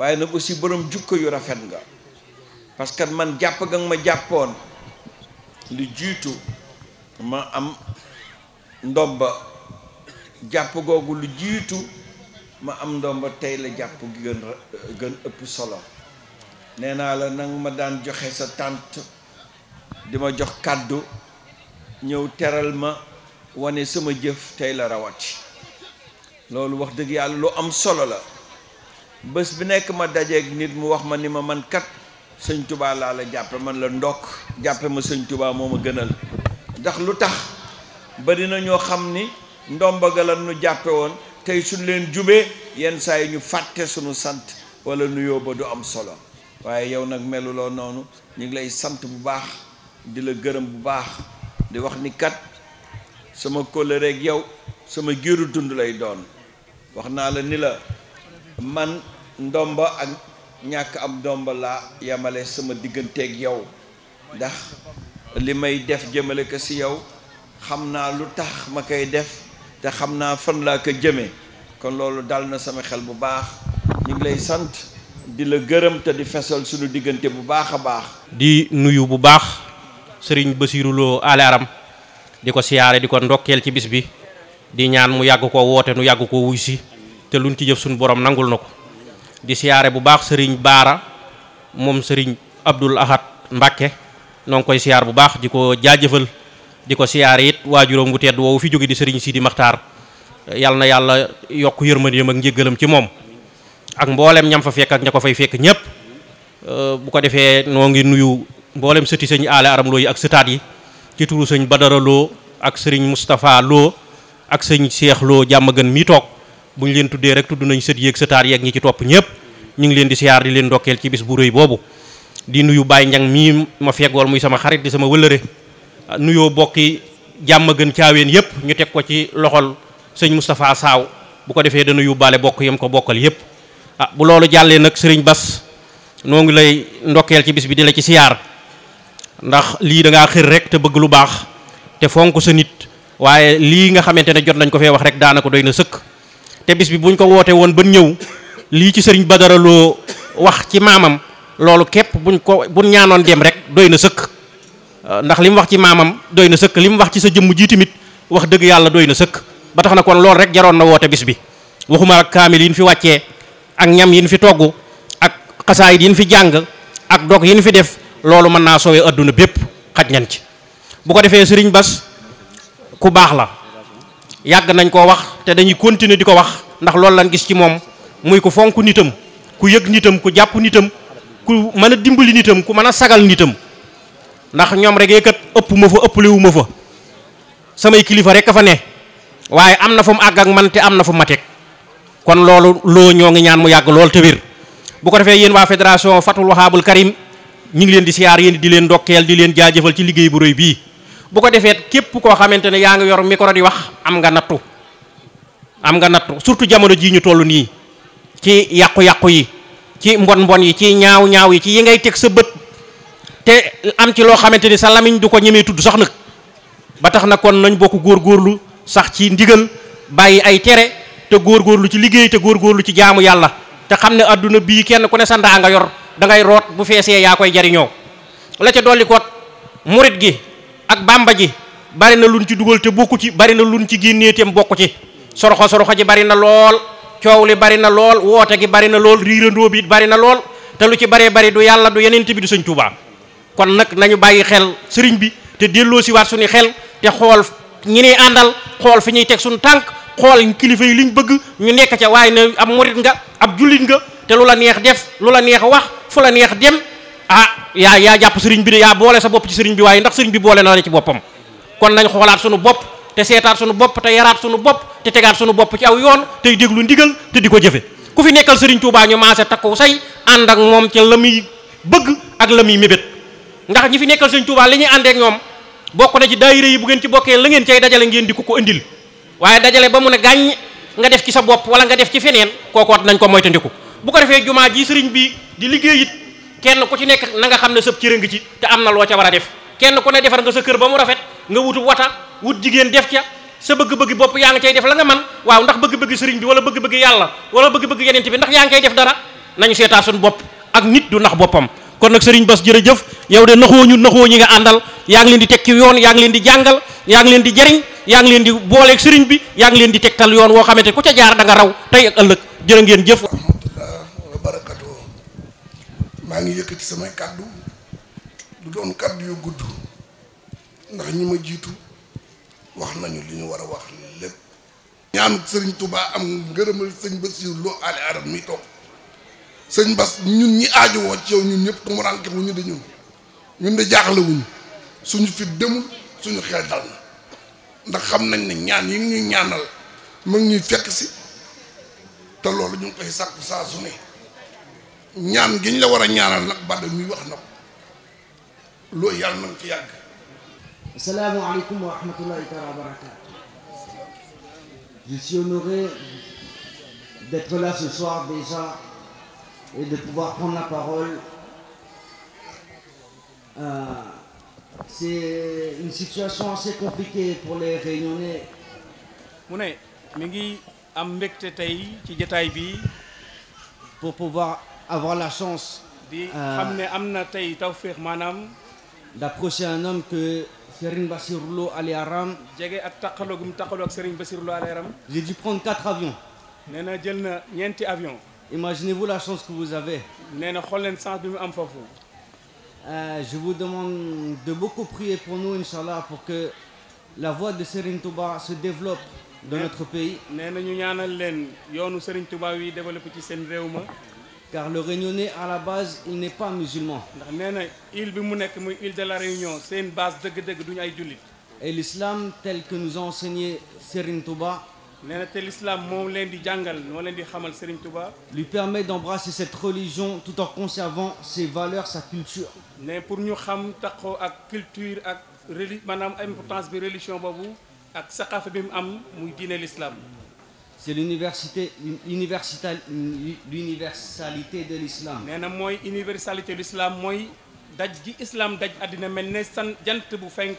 waaye nag aussi borom jukko yu rafet nga parce que man jàpp nga ma jàppoon lu jiitu ma am ndomba jàpp googu lu jiitu ma am ndomba tey la jàpp gi gën ëpp solo nee naa la nag ma daan joxe sa tànt di ma jox kàddu ñëw teral ma wane sama jëf tey la rawati loolu wax dëgg yàlla lu am solo la bés bi nekk ma dajeeg nit mu wax ma ni ma man kat sëñ tubaa laa la jàppe man la ndokk jàppe ma sëñ tubaa moo ma gënal ndax lu tax bari na ñoo xam ni ndomba ga la nu jàppe woon tey suñ leen jubee yenn saa yi ñu fàtte suñu sant wala nuyoo ba du am solo waaye yow nag meluloo noonu ñu ngi lay sant bu baax di la gërëm bu baax di wax ni kat sama kóllëreeg yow sama giiru dund lay doon wax naa la ni la man ndomba ak ñàkk am ndomba laa yamale sama diggante ak yow ndax li may def jëmale ko si yow xam naa lu tax ma koy def te xam naa fan laa ko jëmee kon loolu dal na sama xel bu baax ñu ngi lay sant di la gërëm te di fesal sunu diggante bu baax a baax di nuyu bu baax sëriñ Basiru Lo alaram di ko siyaare di ko ndokkeel ci bis bi di ñaan mu yàgg ko woote nu yàgg ko wuy si te luñ ci jëf suñu borom nangul na ko di siyaare bu baax sëriñ baara moom sëriñ abdul ahad mbàkke noon koy siyaar bu baax di ko jaajëfal di ko siyaare it waajuróom wu tedd woowu fi jóge di sëriñ sidi maxtaar yàlla na yàlla yokk yërmandeem ak njéggalam ci moom ak mboolem ñam fa fekk ak ña ko fay fekk ñépp euh, bu ko defee noo ngi nuyu mboolem sëti sëñ aale aram loo yi ak sëtaat yi ci turu sëñ badara loo ak sëriñ moustapha loo ak sëñ seex loo jàmm gën mii toog bu ñu leen tuddee rek tudd nañ sët yéeg taar yeeg ñi ci topp ñëpp ñu ngi leen di siyaar di leen ndokkeel ci bis bu rëy boobu di nuyu Baye Njang mii ma feggool muy sama xarit di sama wëllëre nuyoo bokki jàmm gën caaween yëpp ñu teg ko ci loxol sëñ Moustapha Saaw bu ko defee dana yóbbaale bokk yam ko bokkal yëpp ah bu loolu jàllee nag sëriñ Bas noo ngi lay ndokkeel ci bis bi di la ci siyaar ndax lii da ngaa xër rek te bëgg lu baax te fonk sa nit waaye lii nga xamante ne jot nañ ko fee wax rek daanaka doy na sëkk te bis bi bu buñ ko woote woon ba ñëw lii ci sëriñ Badara Lo wax ci maamam loolu képp buñ ko buñ ñaanoon dem rek doy na sëkk euh, ndax li mu wax ci maamam doy na sëkk li mu wax ci sa jëmm ji tamit wax dëgg yàlla doy na sëkk ba tax na kon loolu rek jaroon na woote bis bi waxuma ak kaamil yi ñu fi wàccee ak ñam yi ñu fi togg ak xasaayit yi fi jàng ak dog yi ñu fi def loolu mën naa soowee adduna bépp xaj nañ ci bu ko defee sëriñ Bas ku baax la yàgg nañ koo wax te dañuy continuer di ko wax ndax loolu lañ gis ci moom muy ko fonk nitam ku yëg nitam ku jàpp nitam ku mën a dimbali nitam ku mën a sagal nitam ndax ñoom rek yëkkat ëpp ma fa ëpplewu ma fa samay kilifa rek a fa ne waaye am na fu mu àgg ak man te am na fu ma teg kon loolu loo ñoo ngi ñaan mu yàgg lool te wér bu ko defee yéen waa fédération Fathul Wahabul Karim ñu ngi leen di siyaar yéen di leen ndokkeel di leen jaajëfal ci liggéey bu bii bu ko defee képp koo xamante ne yaa ngi yor micro di wax am nga nattu am nga nattu surtout jamono jii ñu toll nii ci yàqu-yàqu yi ci mbon-mbon yi ci ñaaw-ñaaw yi ci yi ngay teg sa bët te am ci loo xamante ni sa lamiñ du ko ñemee tudd sax nag ba tax na kon nañ bokk góorgóorlu sax ci ndigal bàyyi ay tere te góor góorgóorlu ci liggéey te góor góorgóorlu ci jaamu yàlla te xam ne àdduna bii kenn ku ne sa ndaa nga yor da ngay root bu feesee yaa koy jariñoo ak bàmba ji bari na luñ ci dugal te bokku ci bari na luñ ci génnee tem bokku ci soroxo soroxo ji bari na lool coow li bari na lool woote gi bari na lool riirandoo bi bari na lool te lu ci baree bari du yàlla du yeneen bi du sëñ Tuubaa kon nag nañu bàyyi xel sëriñ bi te delloo si waat suñu xel te xool ñi ñuy àndal xool fi ñuy teg suñu tànk xool kilifa yi liñ bëgg ñu nekk ca waaye ne ab murit nga ab jullit nga te lu la neex def lu la neex wax fu la neex ah yaa yaa jàpp sëriñ bi de yaa boole sa bopp ci sëriñ bi waaye ndax sëriñ bi boole na la ci boppam kon nañ xoolaat sunu bopp te seetaat sunu bopp te yaraat sunu bopp te tegaat sunu bopp ci aw yoon tey déglu ndigal te di ko jëfe ku fi nekkal sëriñ Touba ñu maase takku say ànd ak moom ca la muy bëgg ak la muy mébét ndax ñi fi nekkal sëriñ Touba li ñuy àndeek ñoom bokk na ci daayira yi bu ngeen ci bokkee la ngeen cey dajale ngeen di ko ko indil waaye dajale ba mu ne gàññ nga def ci sa bopp wala nga def ci feneen kooku nañ ko moytandiku di liggéey it kenn ku ci nekk na nga xam ne sëb cër ngi ci te am na loo ca war a def kenn ku ne defar nga sa kër ba mu rafet nga wutu wata wut jigéen def ca sa bëgg-bëgg bopp yaa ngi cay def la nga man waaw ndax bëgg-bëgg sëriñ bi wala bëgg-bëgg yàlla wala bëgg-bëgg yeneen bi ndax yaa ngi cay def dara nañu seetaa suñu bopp ak nit du nax boppam kon nag sëriñ Bass jërëjëf yow de naxoo ñu naxoo ñi nga àndal yaa ngi leen di teg ci yoon yaa ngi leen di jàngal yaa ngi leen di jariñ yaa ngi leen di booleeg sëriñ bi yaa ngi leen di tegtal yoon woo xamante ku ca jaar da nga raw tey ak jërë ngeen jëf maa ngi yëkkati samay kàddu lu doon kàddu yu gudd ndax ñi ma jiitu wax nañu li ñu war a wax lépp ñaan sëriñ tubaa am ngërëmal sëñ Bassirou Lo Ali Aram mi toog sëñ Bass ñun ñi aajowoo ci yow ñun ñëpp tumuranke wuñu de ñun ñun de jaaxle wuñu suñu fit demul suñu xel dal na ndax xam nañ ne ñaan yi ñuy ñaanal mag ñuy fekk si te loolu ñu ngi koy sàkku saa su ne ñaan gi ñu la war a ñaanal nag bàdd muy wax na ko yàlla na ci yàgg asalaamaaleykum wa rahmatullahi taala wa barakatu je suis honoré d'être là ce soir déjà et de pouvoir prendre la parole euh, c'est une situation assez compliquée pour les Réunionnais mu ne mi ngi am mbégte tey ci jataay bi pour pouvoir avoir la chance. di euh, xam ne am na tey tawféex maanaam. d'approcher un homme que Serigne Bassirou Lo Al Yaram. jege ak taqaloo gu mu taqaloo ak Serigne Bassirou Lo Al Yaram. j'ai prendre quatre avions. nee na jël na ñeenti avion imaginez-vous la chance que vous avez. nee na xool leen chance bi mu am foofu. Euh, je vous demande de beaucoup prier pour nous pour la voie de Serigne Touba se développe. dans notre pays. nee ñu ñaanal leen yoonu Serigne Touba wi développé ci seen réew ma. car le Réunionnais à la base il n'est pas musulman. ndax nee na île bi mu nekk muy île de la Réunion seen base dégg dëgg duñu ay julit et l'islam tel que nous a enseigné Serigne Touba. nee na te l'islam moo leen di jàngal moo di xamal Serigne Touba. lui permet d'embrasser cette religion tout en conservant ses valeurs sa culture. mais pour ñu xam taxoo ak culture ak reli maanaam importance bi religion boobu ak saqaafa bi mu am muy diine l'islam. c'est l'université l'universalité de l'islam nee na mooy universalité de l'islam mooy daj gi islam daj àddina mel ne san jant bu fenk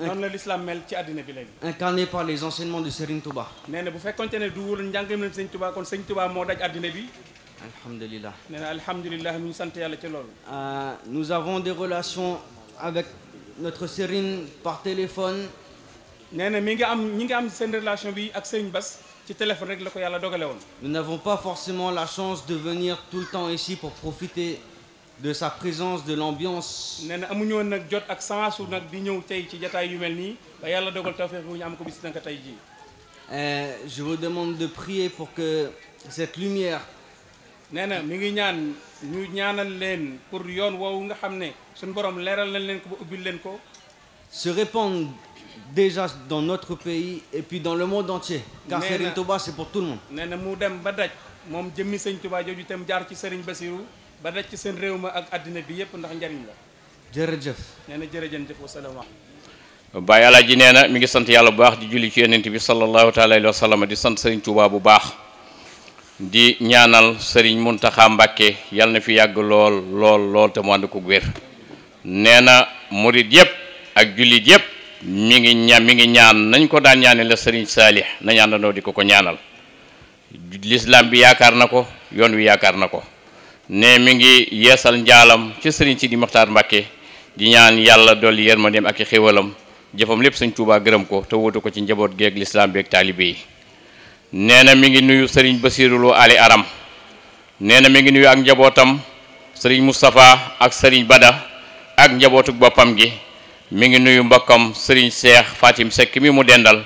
noonu la l'islam mel ci àddina bi léegi incarné par les enseignements de Serigne Touba nee na bu fekkonte ne du wul njàngam ne Serigne Touba kon Serigne Touba moo daj àddina bi alhamdulilah nee na alhamdulilah ñu sant yàlla ci loolu euh, nous avons de relations avec notre Serigne par téléphone nee na mi ngi am ñi ngi am seen relation bi ak Serigne Bass ci téléphone rek la ko yàlla dogale woon. nous n'avons pas forcément la chance de venir tout le temps ici pour profiter de sa présence de l'ambiance. nee na woon nag jot ak chance su nag di ñëw tey ci jataay yu mel nii ba yàlla dogal tawfeex bu ñu am ko bis naka tey jii. Eh, je vous demande de prier pour que cette lumière. nee na mi ngi ñaan ñu ñaanal leen pour yoon woowu nga xam ne suñu borom leeral nañ leen ko ba ubbil leen ko. se répandre. déjà dans notre pays et puis dans le monde entier. car Serigne Touba c'est pour tout le monde. nee na mu dem ba daj moom jëmmi sëñ Touba jooju itam jaar ci Serigne Bassirou ba daj ci seen réew ma ak àddina bi yépp ndax njariñ la. jërëjëf. nee na jërëjëf wasalaamaaleykum. Baye El Hadji nee na mi ngi sant yàlla bu baax di julli ci yonent bi sallallahu taala alayhi wa sallam di sant Serigne Touba bu baax. di ñaanal Serigne Mountakha Mbacké yàlla na fi yàgg lool lool lool te mu ànd ko wér. nee na murit yépp ak jullit yépp. mi ngi ña mi ngi ñaan nañ ko daan ñaane la sëriñ saalix nañ àndandoo di ko ko ñaanal lislaam bi yaakaar na ko yoon wi yaakaar na ko ne mi ngi yeesal njaalam ci sëriñ si di Maxtaar Mbàkke di ñaan yàlla dolli yërmandeem ak i xéwalam jëfam lépp sëñ Tuubaa gërëm ko te wóotu ko ci njaboot geeg lislaam bi ak taalibe yi nee na mi ngi nuyu sëriñ Basiiru Ali Aram nee na mi ngi nuyu ak njabootam sëriñ Moustapha ak sëriñ Bada ak njabootuk boppam gi mi ngi nuyu mbokkam sëriñ Cheikh faatim Seck mi mu dendal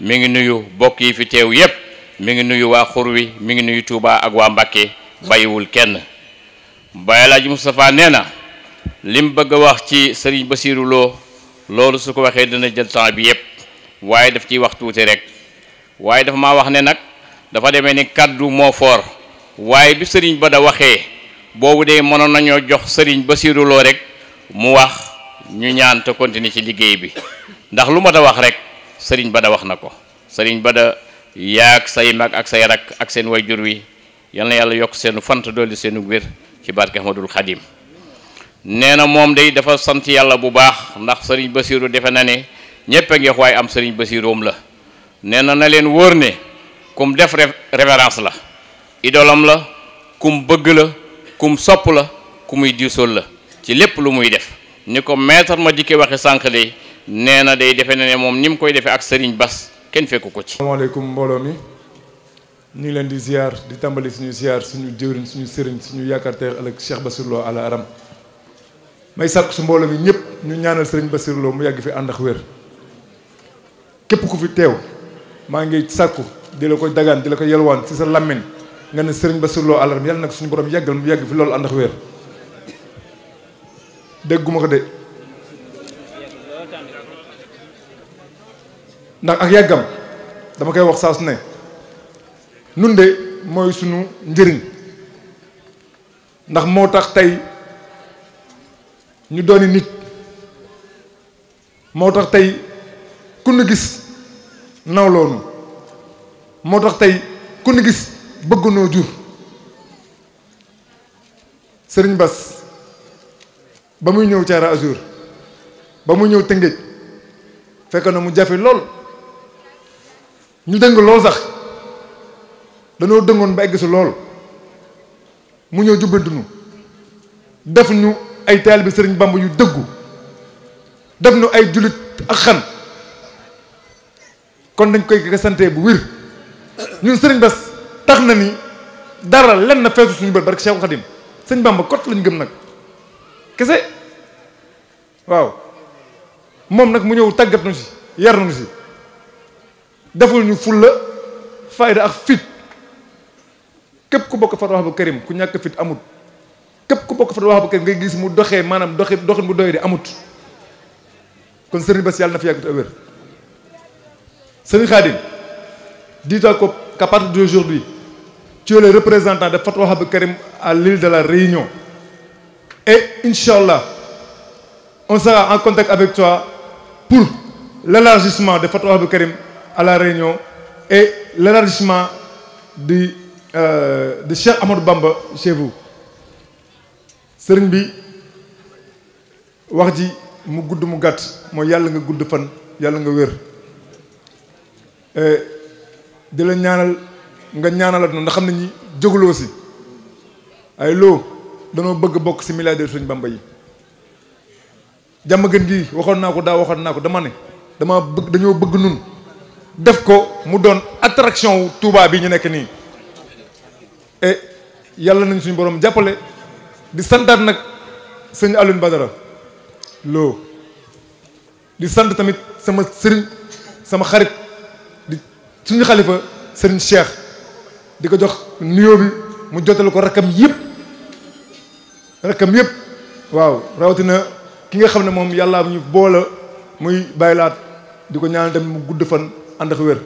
mi ngi nuyu bokk yi fi teew yépp mi ngi nuyu waa xur wi mi ngi nuyu Touba ak waa Mbàkke bàyyiwul kenn Baye Alaaji Moustapha nee na lim bëgg a wax ci Serigne Bassirou Lo loolu su ko waxee dina jël temps bi yépp waaye daf ciy wax tuuti rek waaye dafa ma wax ne nag dafa demee ni kàddu moo foor waaye bi sëriñ ba da waxee boobu dee mënoon nañoo jox Serigne Bassirou Lo rek mu wax ñu ñaan te ci liggéey bi ndax lu mat a wax rek sëriñ Bada wax na ko sëriñ Bada yaag say mag ak say rak ak seen way jur wi yal na yàlla yokk seenu fant dolli seenu wér ci barke Ahmadul Xadim nee na moom day dafa sant yàlla bu baax ndax sëriñ Basiiru defe na ne ñépp a ngi waaye am sëriñ Basiiroom la nee na na leen wóor ne kum def révérence la idolam la kum bëgg la kum sopp la ku muy diisool la ci lépp lu muy def ni ko maître ma dikkee waxe sànq de nee na day defe ne moom ni mu koy defee ak Serigne bas kenn fekku ko ci. asalaamaaleykum mbooloo mi ñu ngi leen di ziar di tàmbali suñu ziar suñu jëwriñ suñu sëriñ suñu yaakaar tey ëllëg Cheikh Bassirou Lo Al Haram may sàkk su mbooloo mi ñëpp ñu ñaanal Serigne Bassirou Lo mu yàgg fi ànd ak wér képp ku fi teew maa ngi sàkku di la ko dagaan di la ko yelwaan ci sa làmmiñ nga ne Serigne Bassirou Lo Al Haram yàlla nag suñu borom yàggal fi loolu ànd ak wér. dégguma ko de ndax ak yàggam dama koy wax saas ne nun de mooy suñu njëriñ ndax moo tax tey ñu doon nit moo tax tey ku nu gis nawloonu moo tax tey ku nu gis bëggunoo noo jur sëriñ Bas ba muy ñëw Caara Azur ba mu ñëw Tëngéej fekk na mu jafe lool ñu dëng lool sax danoo dëngoon ba egg si lool mu ñëw jubbantu nu def ñu ay taalibe Sëriñ Bamba yu dëggu def nu ay jullit ak xan kon dañ koy ka sante bu wir ñun Sëriñ Bass tax na ni dara lenn feesu suñu bët barke Cheikh Khadim Sëriñ Bamba kot lañ gëm nag kese waaw moom nag mu ñëw tàggat nu si yar nu si defuñu ñu fulla fayda ak fit képp ku bokk Fatou Wahab Karim ku ñàkk fit amut képp ku bokk Fatou Wahab Karim ngay gis mu doxee maanaam doxi doxin bu doy di amut kon sëriñ Bass yàlla na fi yàgg te wér sëriñ Khadim dis-toi qu'à partir d'aujourd'hui tu es le représentant de Fatou Wahab Karim à l'île de la Réunion Et Inch'Allah, on sera en contact avec toi pour l'élargissement de Fatwa Abdou Karim à La Réunion et l'élargissement du euh, Amadou Bamba chez vous. sëriñ bi wax ji mu gudd mu gàtt mooy yàlla nga gudd fan yàlla nga wér di la ñaanal nga ñaanal at noonu xam ne ñi jóguloo si ay loo danoo bëgg bokk si milliardaire Sëñ Bamba yi jàmm gën gii waxoon naa ko daa waxoon naa ko dama ne dama bëgg dañoo bëgg nun def ko mu doon attraction wu Touba bi ñu nekk nii e yàlla nañ suñ boroom jàppale di santaat nag sëñ Alioune Badara loo di sant tamit sama sëriñ sama xarit di suñu xalifa sëriñ Cheikh di ko jox nuyoo bi mu jotal ko rakkam yëpp rakkam yépp waaw rawatina ki nga xam ne moom yàllaa ñu boole muy bàyyilaat di ko ñaanal tamit mu gudd fan ànd ak wér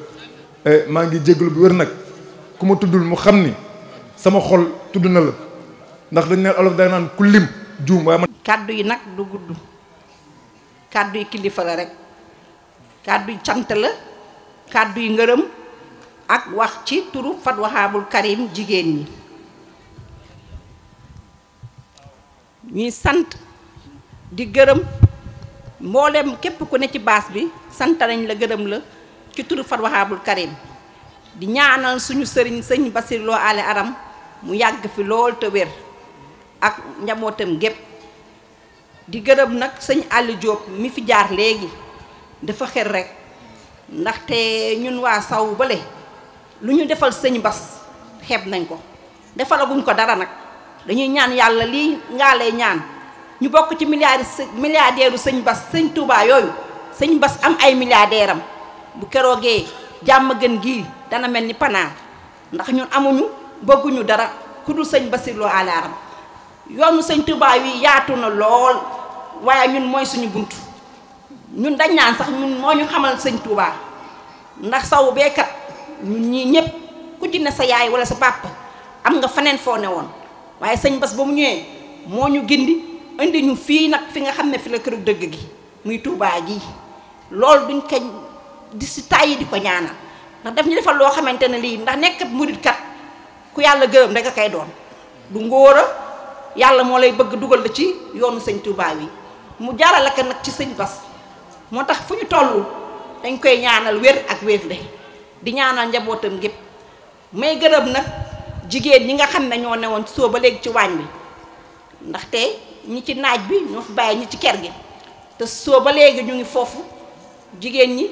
e, maa ngi jégalu bu wér nag ku ma tuddul mu xam ni sama xol tudd na la ndax dañ ne olof day naan ku lim juum waaye man kàddu nag du gudd kàddu yi kilifa la rek kàddu yi cant la kàddu yi ngërëm ak wax ci turu Fat Wahabul Karim jigéen yi ñuy sant di gërëm mboolem képp ku ne ci baas bi sant nañ la gërëm la ci turu Fat Wahabul Karim di ñaanal suñu sëriñ sëñ Basir loo Ale Aram mu yàgg fi lool te wér ak njabootam gépp di gërëm nag sëñ àll Diop mi fi jaar léegi dafa xel rekk ndaxte ñun waa saw bale lu ñu defal sëñ Bas xeeb nañ ko defalaguñ ko dara nag dañuy ñaan yàlla lii ngaa lay ñaan ñu bokk ci milliards milliardaire sëñ Bas sëñ Touba yooyu sëñ Bas am ay milliardaire am bu keroogee jàmm gën gii dana mel ni panaar ndax ñun amuñu bëgguñu dara ku dul sëñ Basir Lo alaaram yoonu sëñ Touba yi yaatu na lool waaye ñun mooy suñu bunt ñun dañ naan sax ñun moo ñu xamal sëñ Touba ndax saw beekat ñun ñii ñëpp ku ci sa yaay wala sa papa am nga feneen foo ne woon. waaye sëñ Bas ba mu ñëwee moo ñu gindi indi ñu fii nag fi nga xam ne fi la këru dëgg gi muy Touba gi lool duñ ko di si tàyyi di ko ñaanal ndax daf ñu defal loo xamante ne lii ndax nekk murit kat ku yàlla gërëm rek a koy doon du ngóor a yàlla moo lay bëgg dugal la ci yoonu sëñ Touba wi mu jaarale ko nag ci sëñ Bas moo tax fu ñu toll dañ koy ñaanal wér ak wér di ñaanal njabootam gépp may gërëm nag. jigéen ñi nga xam ne ñoo newoon soo ba léegi ci waañ bi ndaxte ñi ci naaj bi ñoo fi bàyyi ñi ci ker gi te soo ba léegi ñu ngi foofu jigéen ñi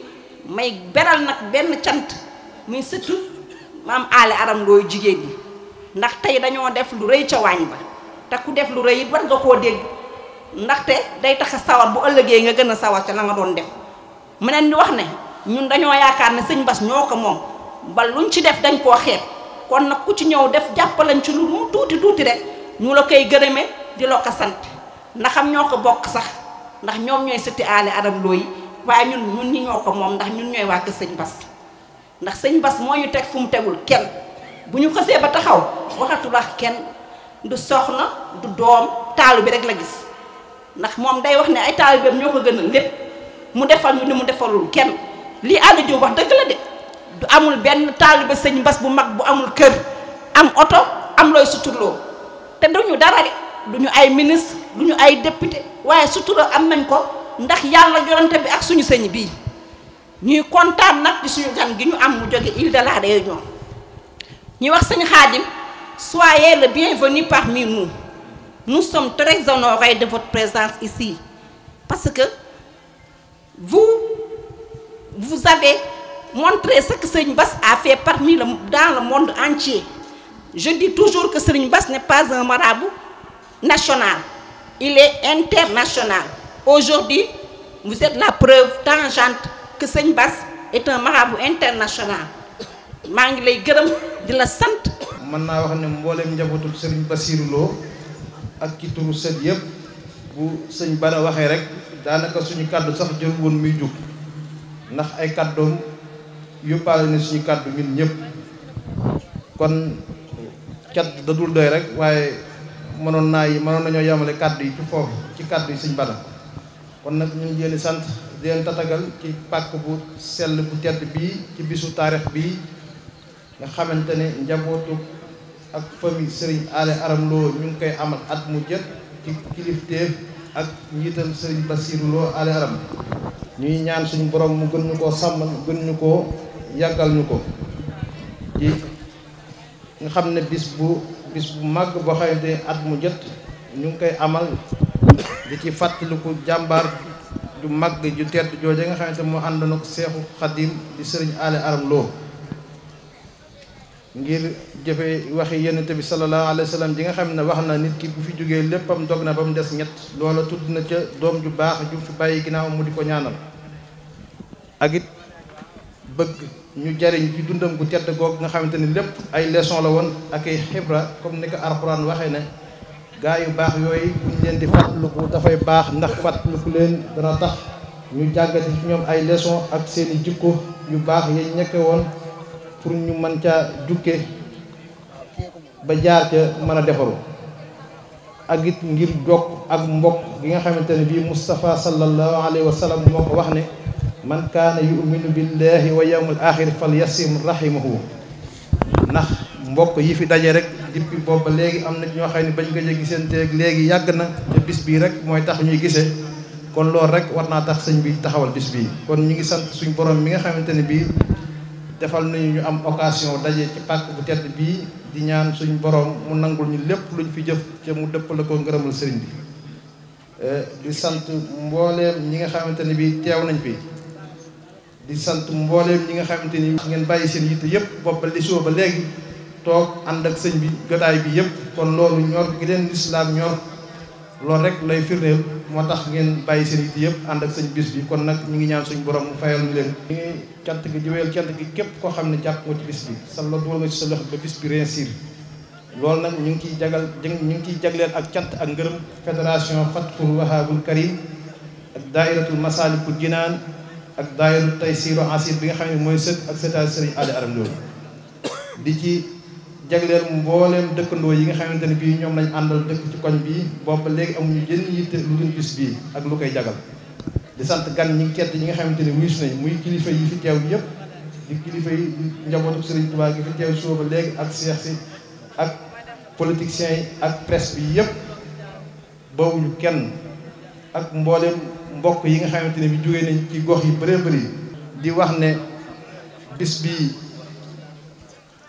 may beral nag benn cant muy sëtu maam aale aram looyu jigéen ñi ndax tey dañoo def lu rëy ca waañ ba te ku def lu rëy it war nga koo dégg ndaxte day tax a sawar bu ëllëgee nga gën a sawar ca la nga doon def mu neen di wax ne ñun dañoo yaakaar ne sëñ Bas ñoo ko moom ba luñ ci def dañ koo xeeb kon nag ku ci ñëw def jàppalañ ci lu mu tuuti tuuti rek ñu la koy gërëme di la ko sant ndax am ñoo ko bokk sax ndax ñoom ñooy sëti aale adam looyi waaye ñun ñun ñi ñoo ko moom ndax ñun ñooy wàkk sëñ bas ndax sëñ bas mooy ñu teg fu mu tegul kenn bu ñu xësee ba taxaw waxatu la kenn du soxna du doom taalu bi rek la gis ndax moom day wax ne ay taalu bi ñoo ko gën a lépp mu defal ñu ni mu defalul kenn lii àll jiw wax dëgg la de amul benn taaliba sëñ mbas bu mag bu amul kër am oto am looy suturloo te duñu dara de duñu ay ministre duñu ay député waaye sutura am nañ ko ndax yàlla jorante bi ak suñu sëñ bii ñuy kontaan nag di suñu gan gi ñu am mu jóge Île de la Réunion ñuy wax sëñ Xaadim soyez le bienvenu parmi nous nous sommes très honorés de votre présence ici parce que vous vous avez montrer ce que Serigne Bass a fait parmi la dans le monde entier je dis toujours que Serigne Bass n'est pas un marabout national il est international aujourd'hui vous êtes la preuve tangente que Serigne Bass est un international maa ngi lay gërëm di la sant. mën naa wax ne mboolem njabootul Serigne Bassirou Lo ak ci turu sët yëpp bu sëñ Bada waxee rek daanaka suñu kàddu sax jël woon muy jóg ndax ay kàddoom. yóbbaale ne suñu kàddu ñun ñëpp kon cat da doy rek waaye mënoon naa yi mënoon nañoo yamale kàddu yi ci foofu ci kàddu yi suñ bala kon nag ñu ngi sant di leen tatagal ci bu sell bu tedd ci bisu taarix bii nga xamante ne njabootu ak famille ñu ngi koy amal at mu jët ci kilifteef ak njiital Serigne Bassirou Lo Allé Aram ñuy ñaan suñu borom mu gën ñu koo sàmmal gën nu koo yàggal ñu ko ci nga xam ne bis bu bis bu màgg boo xamante at mu jët ñu ngi koy amal di ci fàttaliku jàmbaar ju màgg ju tedd jooje nga xamante moo àndoon ak Seexu Xadim di sëriñ Ali Aram Lo ngir jëfe waxi Yonent bi sallallahu alayhi wa sallam nga xam ne wax na nit ki bu fi jógee léppam dog na ba mu des ñett loola tudd na ca doom ju baax ju fi bàyyi ginnaaw mu di ko ñaanal ak bëgg ñu jariñ ci dundam gu tedd googu nga xamante ni lépp ay leçon la woon ak ay xibra comme ni ko alxuraan waxee ne gaa yu baax yooyu buñ leen di fàttaliku dafay baax ndax fàttaliku leen dana tax ñu jàngati ci ñoom ay leçon ak seeni jikko yu baax yañ ñekke woon pour ñu mën caa jukke ba jaar ca mën a defaru ak it ngir jokk ak mbokk gi nga xamante ne bii Moustapha sallallahu alayhi wa sallam moo ko wax ne man kaana yuminu billahi wa yawmal axir fal yasim rahimahu ndax mbokk yi fi daje rek depuis booba léegi am na ñoo xam ne bañ ko jëg gisanteeg léegi yàgg na te bis bii rek mooy tax ñuy gisee kon loolu rek war naa tax sëñ bi taxawal bis bii kon ñu ngi sant suñ borom mi nga xamante ne bii defal nañu ñu am occasion daje ci pàkk bu tedd bii di ñaan suñ borom mu nangul ñu lépp luñ fi jëf ca mu dëpp la ko ngërëmal sëriñ bi eh, di sant mbooleem ñi nga xamante ne bii teew nañ fi di sant mbooleem ñi nga xamante ni ngeen bàyyi seen yitte yëpp bopp ba soo ba léegi toog ànd ak sëñ bi jotaay bi yëpp kon loolu ñor gi leen lislaam ñor loolu rek lay firndeel moo tax ngeen bàyyi seen yitte yëpp ànd ak sëñ bis bi kon nag ñu ngi ñaan suñu borom mu fayal ñu leen ñu ngi cant gi jiweel cant gi képp koo xam ne jàpp nga ci bis bi sa lo dugal nga ci sa loxo ba bis bi réussir loolu nag ñu ngi ciy jagal ñu ngi ciy jagleen ak cant ak ngërëm fédération Fathul Wahabul Karim ak ak daayiru tay siiru asir bi nga xam ne mooy sët ak sëtaat sëriñ Aly Aram Ndoye di ci jagleel mbooleem dëkkandoo yi nga xamante ne bii ñoom lañ àndal dëkk ci koñ bii boobu léegi amuñu jën yitte lu dul bis bii ak lu koy jagal di sant gan ñi kedd ñi nga xamante ne wuyus nañ muy kilifa yi fi teew yëpp di kilifa yi njabootu sëriñ Tuubaa gi fi teew suba léegi ak seex si ak politiciens yi ak presse bi yëpp bawuñu kenn ak mbooleem mbokk yi nga xamante ne bi jógee nañ ci gox yi bëree bëri di wax ne bis bi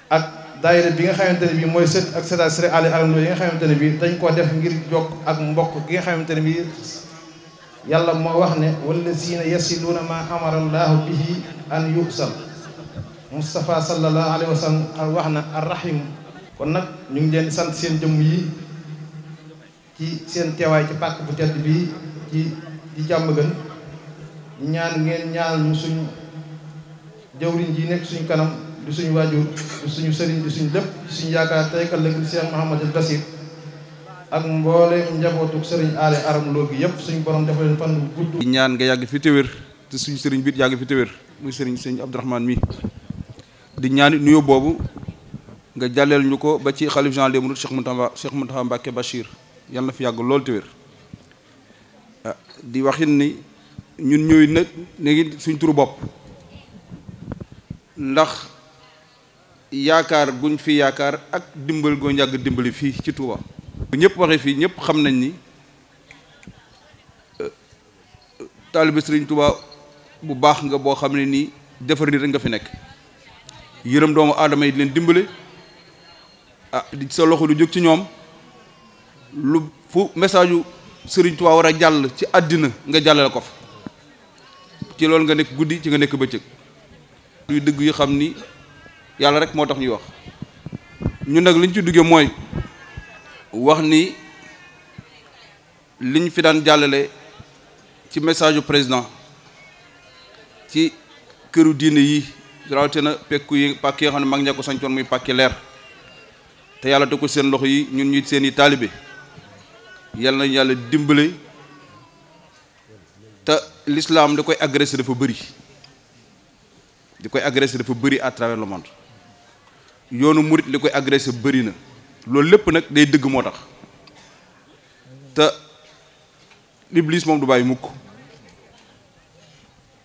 ak daayira bi nga xamante ne bi mooy sët ak sëtaat Sëriñ Ali Aram Lo yi nga xamante ne bi dañ koo def ngir jokk ak mbokk gi nga xamante ne bi yàlla moo wax ne wallaziina yasiluuna maa amara allaahu bihi an yusal Moustapha sallallahu alayhi wa sallam wax na arrahim kon nag ñu ngi leen di sant seen jëmm yi ci seen teewaay ci pàkk bu tedd bii ci di jàmm gën ñaan ngeen ñaan mu suñu jawriñ ji nekk suñu kanam di suñ waajur di suñu sëriñ di suñu lépp suñu yaakaar tey ëllëg di Cheikh Mouhamadou Bassir ak mbooleem njabootuk sëriñ aale aram loo gi yëpp suñu borom dafa leen fan gudd ñaan nga yàgg fi te wér suñu sëriñ biit yàgg fi te wér muy sëriñ sëriñ Abdourahmane mi di ñaani it boobu nga jàlleel ñu ko ba ci xalif Jean Lémourou Cheikh Mountakha Cheikh Mountakha Mbacké Bachir yàlla na fi yàgg loolu te di waxit ni ñun ñooy nag léegi suñ turu bopp ndax yaakaar guñ fi yaakaar ak dimbal goo njàgg dimbali fii ci Touba. bu ñëpp waxee fii ñëpp xam nañ ni euh, taalibe Sëriñ Touba bu baax nga boo xam ne nii defar nit rek nga fi nekk yërëm doomu aadama yi leen dimbale ah di sa loxo du jóg ci ñoom lu fu message sëriñ Tuubaa war a jàll ci àddina nga jàllale ko fa ci loolu nga nekk guddi ci nga nekk bëccëg luy dëgg yu xam ni yàlla rek moo tax ñuy wax ñun nag liñ ci duggee mooy wax ni liñ fi daan jàllale ci message du président ci këru diine yi rawatina pekku yi pàkk yi nga xam ne mag ña ko sancoon muy pàkki leer te yàlla te ko seen loxo yi ñun ñuy seeni i taalibe yal nañu yàlla dimbale te l'islam da koy agressé dafa bëri di koy agressé dafa bëri à travers le monde yoonu murit li koy agressé bari na loolu lépp nag day dëgg moo tax te l'Iblis moom du bàyyi mukk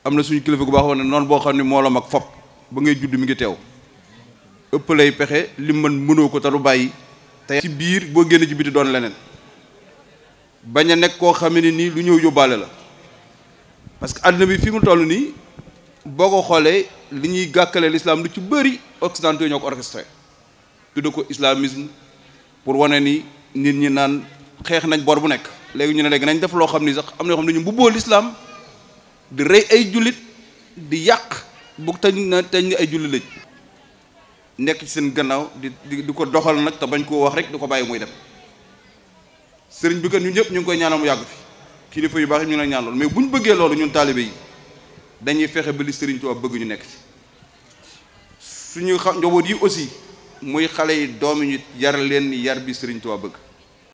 am na suñu kilifa gu baax wax ne noon boo xam ne moo la mag fop ba ngay judd mi ngi teew ëpp lay pexe li mën mënoo ko te du bàyyi te ci biir boo génn ci biti doon leneen bañ a nekk koo xam ne nii lu ñëw yóbbaale la parce que àdduna bi fi mu toll nii boo ko xoolee li ñuy gàkkale lislaam lu ci bëri occidentaux yi ñoo ko orchestré tudde ko islamisme pour wane nii nit ñi naan xeex nañ bor bu nekk léegi ñu ne nekk nañ def loo xam ni sax am na yoo xam ne ñu mbubboo l'islam di rey ay jullit di yàq bu tañ na teñ ni ay jullit lañ nekk ci seen gannaaw di di di ko doxal nag te bañ koo wax rek di ko bàyyi mooy dem sëriñ bi kat ñun ñëpp ñu ngi koy ñaanal mu yàgg fi kilifa yu baax yi ñu ngi lay ñaan mais bu ñu bëggee loolu ñun taalibe yi dañuy fexe ba li sëriñ Tuubaa bëgg ñu nekk ci suñu njaboot yi aussi muy xale yi doom yi ñu yar leen yar bi sëriñ Tuubaa bëgg